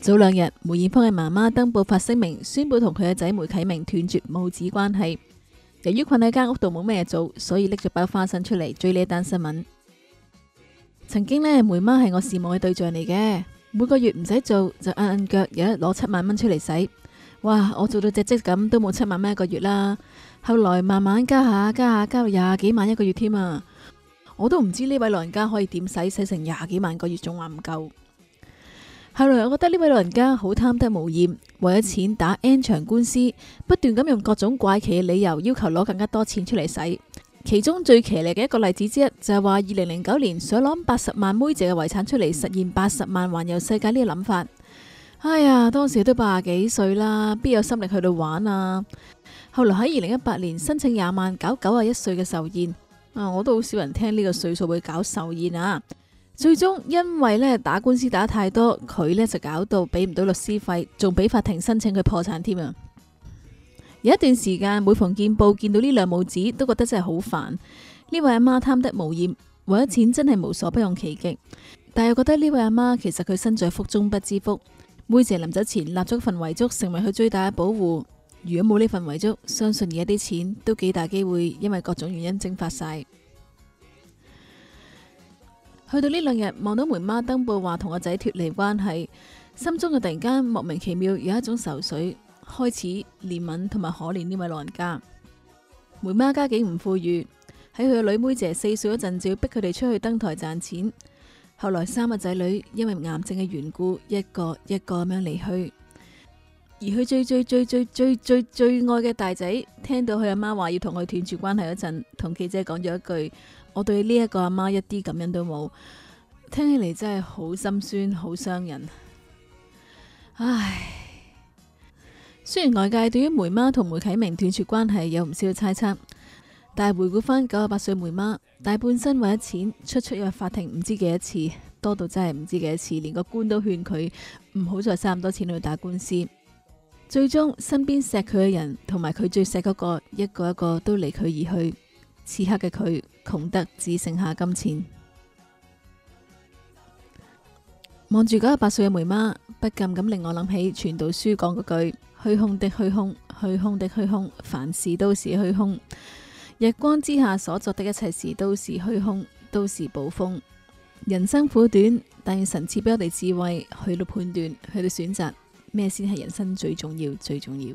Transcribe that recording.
早兩日，梅艷芳嘅媽媽登報發聲明，宣布同佢嘅仔梅啟明斷絕母子關係。由於困喺間屋度冇咩做，所以拎咗包花生出嚟追呢一單新聞。曾經呢，梅媽係我羨慕嘅對象嚟嘅，每個月唔使做就按按腳，有得攞七萬蚊出嚟使。哇，我做到隻積咁都冇七萬蚊一個月啦。後來慢慢加下加下加到廿幾萬一個月添啊！我都唔知呢位老人家可以點使，使成廿幾萬個月仲話唔夠。後來我覺得呢位老人家好貪得無厭，為咗錢打 N 場官司，不斷咁用各種怪奇嘅理由要求攞更加多錢出嚟使。其中最騎呢嘅一個例子之一就係話，二零零九年想攞八十萬妹仔嘅遺產出嚟實現八十萬環遊世界呢個諗法。哎呀，當時都八十幾歲啦，邊有心力去到玩啊？後來喺二零一八年申請廿萬搞九十一歲嘅壽宴。啊，我都好少人聽呢個歲數會搞壽宴啊！最終因為咧，打官司打太多，佢咧，就搞到俾唔到律師費，仲俾法庭申請佢破產添啊！有 一段時間每逢見報見到呢兩母子，都覺得真係好煩。呢位阿媽貪得無厭，為咗錢真係無所不用其極，但係又覺得呢位阿媽其實佢身在福中不知福。妹姐臨走前立咗份遺囑，成為佢最大嘅保護。如果冇呢份遺囑，相信而家啲錢都幾大機會因為各種原因蒸發晒。去到呢兩日，望到梅媽登報話同個仔脫離關係，心中嘅突然間莫名其妙有一種愁緒，開始憐憫同埋可憐呢位老人家。梅媽家境唔富裕，喺佢嘅女妹姐四歲嗰陣就要逼佢哋出去登台賺錢，後來三個仔女因為癌症嘅緣故，一個一個咁樣離去。而佢最最最最最最最最愛嘅大仔，聽到佢阿媽話要同佢斷絕關係嗰陣，同記者講咗一句：我對呢一個阿媽一啲感恩都冇。聽起嚟真係好心酸，好傷人。唉，雖然外界對於梅媽同梅啟明斷絕關係有唔少猜測，但係回顧翻九十八歲梅媽大半生為咗錢出出入入法庭唔知幾多次，多到真係唔知幾多次，連個官都勸佢唔好再花咁多錢去打官司。最終身邊錫佢嘅人同埋佢最錫嗰個，一個一個都離佢而去。此刻嘅佢窮得只剩下金錢，望住九十八歲嘅梅媽，不禁咁令我諗起《傳道書》講嗰句：虛空的虛空，虛空的虛空，凡事都是虛空。日光之下所作的一切事都是虛空，都是暴風。人生苦短，但神賜俾我哋智慧去到判斷，去到選擇。咩先係人生最重要最重要？